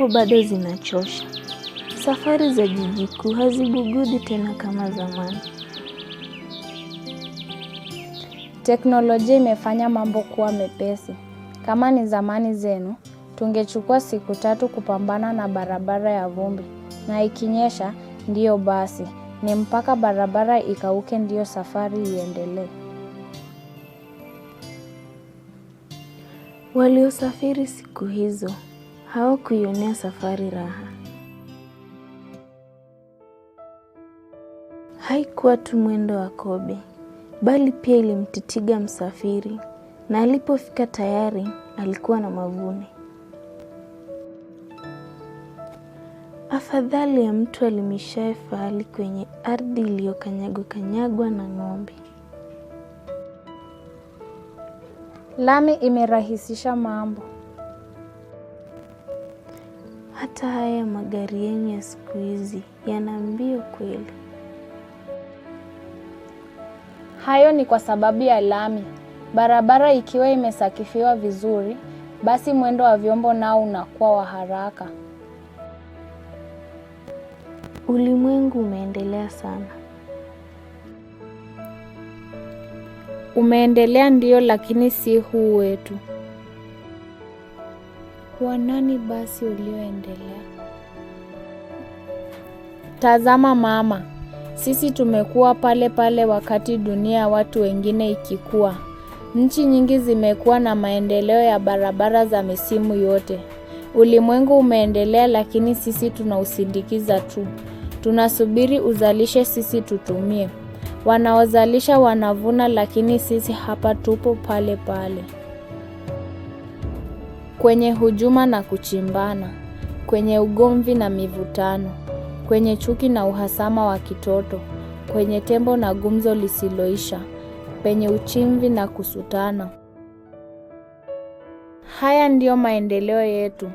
japo bado zinachosha. Safari za jiji kuu hazibugudhi tena kama zamani. Teknolojia imefanya mambo kuwa mepesi. Kama ni zamani zenu, tungechukua siku tatu kupambana na barabara ya vumbi, na ikinyesha ndiyo basi, ni mpaka barabara ikauke ndiyo safari iendelee. Waliosafiri siku hizo hawakuionea safari raha. Haikuwa tu mwendo wa kobe, bali pia ilimtitiga msafiri, na alipofika tayari alikuwa na mavune Afadhali ya mtu alimishaye fahali kwenye ardhi iliyokanyagwa kanyagwa na ng'ombe. Lami imerahisisha mambo. Hata haya magari yenu ya siku hizi yana mbio kweli. Hayo ni kwa sababu ya lami. Barabara ikiwa imesakifiwa vizuri, basi mwendo wa vyombo nao unakuwa wa haraka. Ulimwengu umeendelea sana. Umeendelea ndiyo, lakini si huu wetu wa nani basi ulioendelea? Tazama mama, sisi tumekuwa pale pale wakati dunia ya watu wengine ikikua. Nchi nyingi zimekuwa na maendeleo ya barabara za misimu yote. Ulimwengu umeendelea, lakini sisi tunausindikiza tu. Tunasubiri uzalishe, sisi tutumie. Wanaozalisha wanavuna, lakini sisi hapa tupo pale pale kwenye hujuma na kuchimbana, kwenye ugomvi na mivutano, kwenye chuki na uhasama wa kitoto, kwenye tembo na gumzo lisiloisha, penye uchimvi na kusutana. Haya ndiyo maendeleo yetu.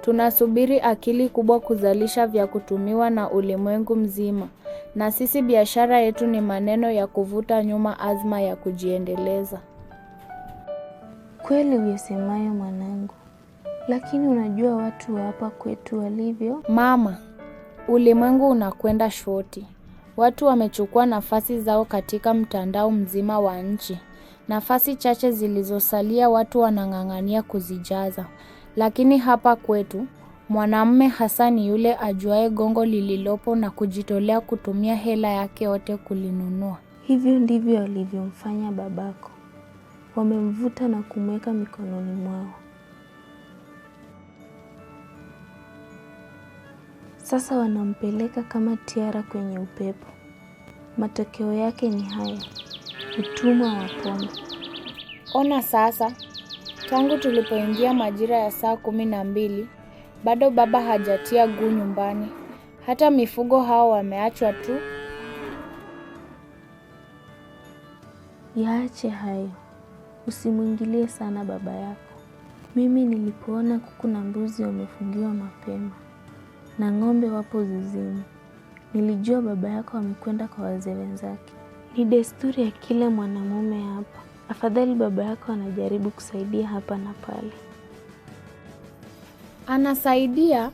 Tunasubiri akili kubwa kuzalisha vya kutumiwa na ulimwengu mzima, na sisi biashara yetu ni maneno ya kuvuta nyuma azma ya kujiendeleza. Kweli uyosemayo mwanangu lakini unajua watu wa hapa kwetu walivyo. Mama, ulimwengu unakwenda shoti. Watu wamechukua nafasi zao katika mtandao mzima wa nchi. Nafasi chache zilizosalia watu wanang'ang'ania kuzijaza, lakini hapa kwetu mwanamume hasa ni yule ajuaye gongo lililopo na kujitolea kutumia hela yake yote kulinunua. Hivyo ndivyo walivyomfanya babako, wamemvuta na kumweka mikononi mwao. Sasa wanampeleka kama tiara kwenye upepo. Matokeo yake ni haya, utumwa wa pombe. Ona sasa, tangu tulipoingia majira ya saa kumi na mbili bado baba hajatia guu nyumbani. Hata mifugo hao wameachwa tu. Yaache hayo, usimwingilie sana baba yako. Mimi nilipoona kuku na mbuzi wamefungiwa mapema na ng'ombe wapo zizini. Nilijua baba yako amekwenda kwa wazee wenzake. Ni desturi ya kila mwanamume hapa. Afadhali baba yako anajaribu kusaidia hapa na pale. Anasaidia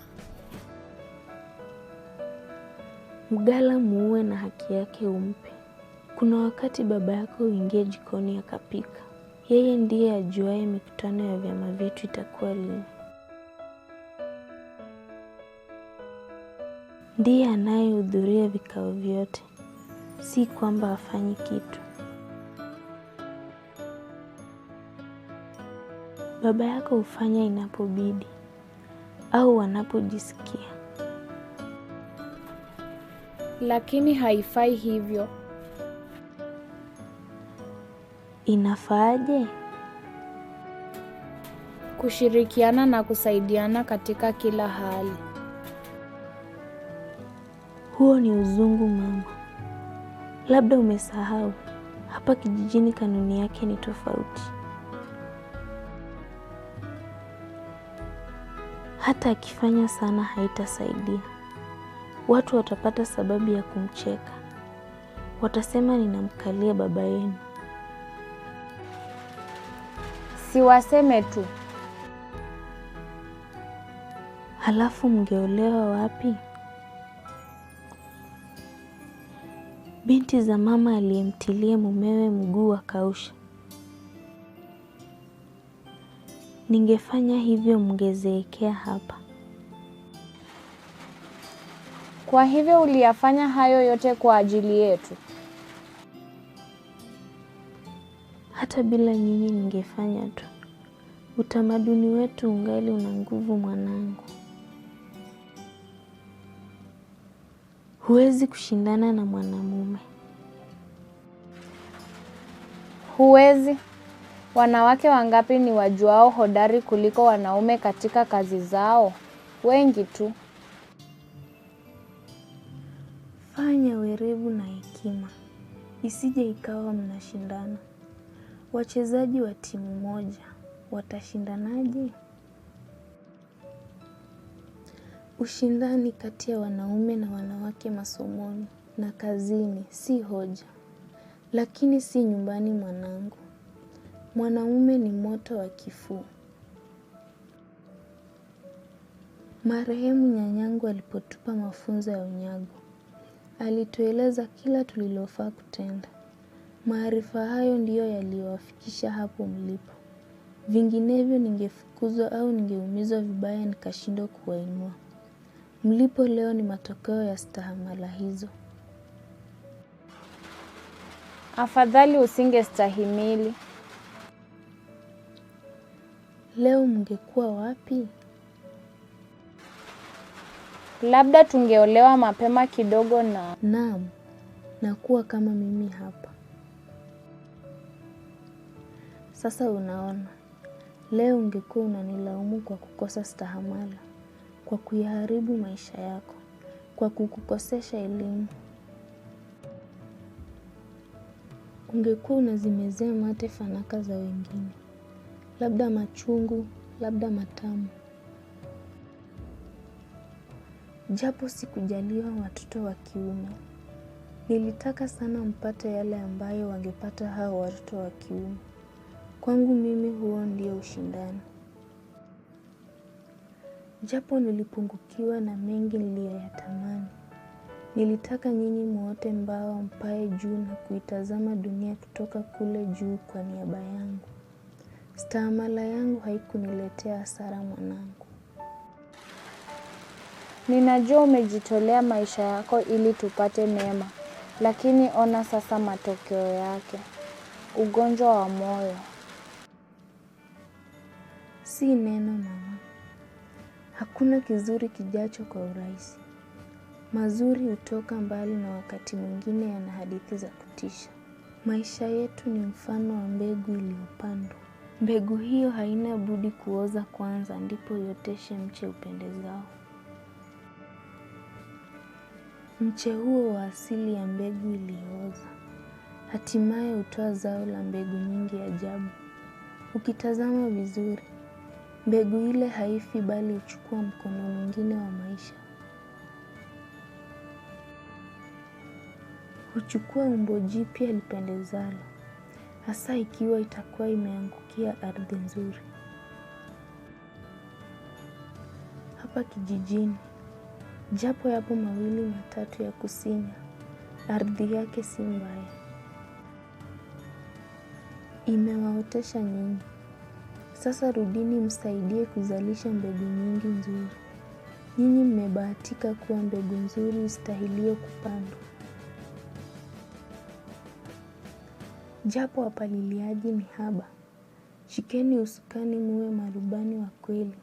mgala muue na haki yake umpe. Kuna wakati baba yako huingia jikoni akapika. Yeye ndiye ajuaye mikutano ya vyama vyetu itakuwa lini. ndiye anayehudhuria vikao vyote, si kwamba hafanyi kitu. Baba yako hufanya inapobidi au wanapojisikia, lakini haifai hivyo. Inafaaje? Kushirikiana na kusaidiana katika kila hali. Huo ni uzungu mama, labda umesahau, hapa kijijini kanuni yake ni tofauti. Hata akifanya sana haitasaidia. Watu watapata sababu ya kumcheka, watasema ninamkalia baba yenu. Siwaseme tu, halafu mngeolewa wapi? Binti za mama aliyemtilia mumewe mguu wa kausha. Ningefanya hivyo mngezeekea hapa. Kwa hivyo uliyafanya hayo yote kwa ajili yetu? Hata bila nyinyi ningefanya tu. Utamaduni wetu ungali una nguvu mwanangu. Huwezi kushindana na mwanamume, huwezi. Wanawake wangapi ni wajuao hodari kuliko wanaume katika kazi zao? Wengi tu. Fanya werevu na hekima, isije ikawa mnashindana. Wachezaji wa timu moja watashindanaje? Ushindani kati ya wanaume na wanawake masomoni na kazini si hoja, lakini si nyumbani mwanangu. Mwanaume ni moto wa kifuu. Marehemu nyanyangu alipotupa mafunzo ya unyago. Alitueleza kila tulilofaa kutenda. Maarifa hayo ndiyo yaliyowafikisha hapo mlipo. Vinginevyo ningefukuzwa au ningeumizwa vibaya nikashindwa kuwainua. Mlipo leo ni matokeo ya stahamala hizo. Afadhali usingestahimili. Leo mngekuwa wapi? Labda tungeolewa mapema kidogo na Naam, nakuwa kama mimi hapa. Sasa unaona. Leo ungekuwa unanilaumu kwa kukosa stahamala kwa kuyaharibu maisha yako, kwa kukukosesha elimu. Ungekuwa unazimezea mate fanaka za wengine, labda machungu, labda matamu. Japo sikujaliwa watoto wa kiume, nilitaka sana mpate yale ambayo wangepata hao watoto wa kiume. Kwangu mimi huo ndio ushindani. Japo nilipungukiwa na mengi niliyoyatamani. Nilitaka nyinyi mwote mbawa mpae juu na kuitazama dunia kutoka kule juu kwa niaba yangu. Staamala yangu haikuniletea hasara mwanangu. Ninajua umejitolea maisha yako ili tupate mema, lakini ona sasa matokeo yake. Ugonjwa wa moyo. Si neno mama. Hakuna kizuri kijacho kwa urahisi. Mazuri hutoka mbali na wakati mwingine yana hadithi za kutisha. Maisha yetu ni mfano wa mbegu iliyopandwa. Mbegu hiyo haina budi kuoza kwanza ndipo ioteshe mche upendezao. Mche huo wa asili ya mbegu iliyooza. Hatimaye hutoa zao la mbegu nyingi ajabu. Ukitazama vizuri, Mbegu ile haifi bali huchukua mkono mwingine wa maisha. Huchukua umbo jipya lipendezalo, hasa ikiwa itakuwa imeangukia ardhi nzuri. Hapa kijijini, japo yapo mawili matatu ya kusinya, ardhi yake si mbaya, imewaotesha nyinyi. Sasa rudini msaidie kuzalisha mbegu nyingi nzuri. Nyinyi mmebahatika kuwa mbegu nzuri istahiliyo kupandwa. Japo wapaliliaji ni haba, shikeni usukani muwe marubani wa kweli,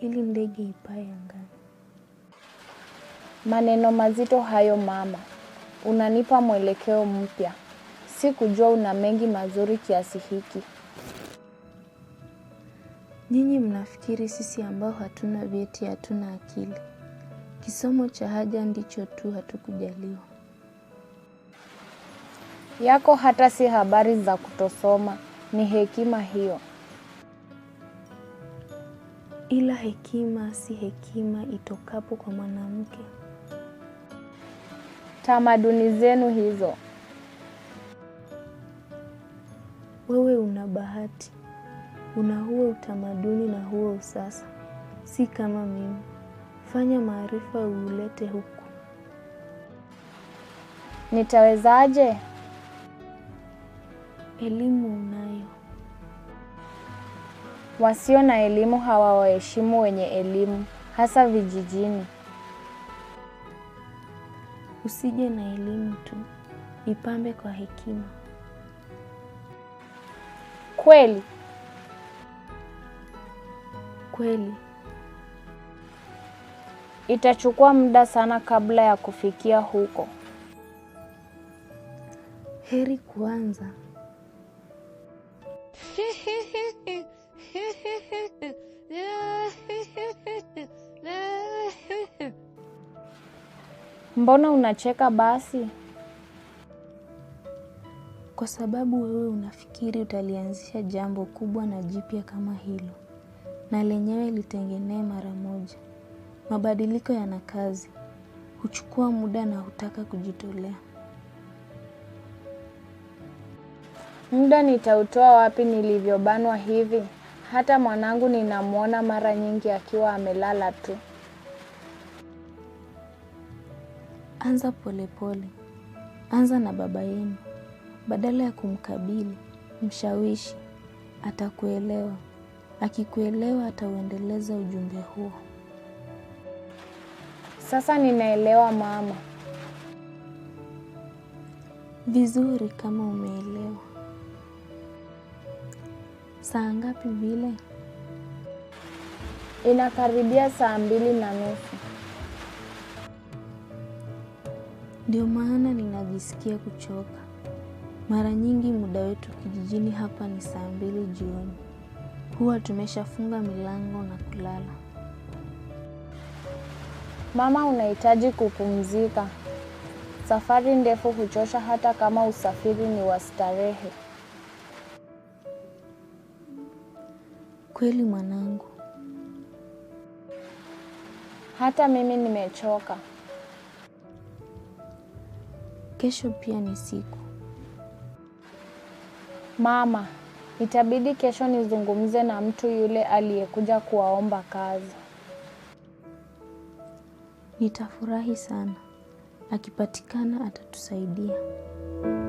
ili ndege ipae angani. Maneno mazito hayo mama, unanipa mwelekeo mpya. Sikujua una mengi mazuri kiasi hiki. Nyinyi mnafikiri sisi ambao hatuna vyeti hatuna akili. Kisomo cha haja ndicho tu hatukujaliwa. Yako hata si habari za kutosoma, ni hekima hiyo. Ila hekima si hekima itokapo kwa mwanamke. Tamaduni zenu hizo. Wewe una bahati. Una huo utamaduni na huo usasa, si kama mimi. Fanya maarifa uulete huku. Nitawezaje? Elimu unayo. Wasio na elimu hawawaheshimu wenye elimu, hasa vijijini. Usije na elimu tu, ipambe kwa hekima. Kweli kweli. Itachukua muda sana kabla ya kufikia huko. Heri kuanza. Mbona unacheka basi? Kwa sababu wewe unafikiri utalianzisha jambo kubwa na jipya kama hilo na lenyewe litengenee mara moja. Mabadiliko yana kazi, huchukua muda na hutaka kujitolea. Muda nitautoa wapi nilivyobanwa hivi? Hata mwanangu ninamwona mara nyingi akiwa amelala tu. Anza polepole, anza na baba yenu. Badala ya kumkabili, mshawishi, atakuelewa. Akikuelewa atauendeleza ujumbe huo. Sasa ninaelewa mama. Vizuri kama umeelewa. Saa ngapi vile? Inakaribia saa mbili na nusu. Ndio maana ninajisikia kuchoka. Mara nyingi muda wetu kijijini hapa ni saa mbili jioni huwa tumeshafunga milango na kulala. Mama, unahitaji kupumzika. Safari ndefu huchosha hata kama usafiri ni wa starehe. Kweli mwanangu. Hata mimi nimechoka. Kesho pia ni siku. Mama, Itabidi kesho nizungumze na mtu yule aliyekuja kuwaomba kazi. Nitafurahi sana. Akipatikana atatusaidia.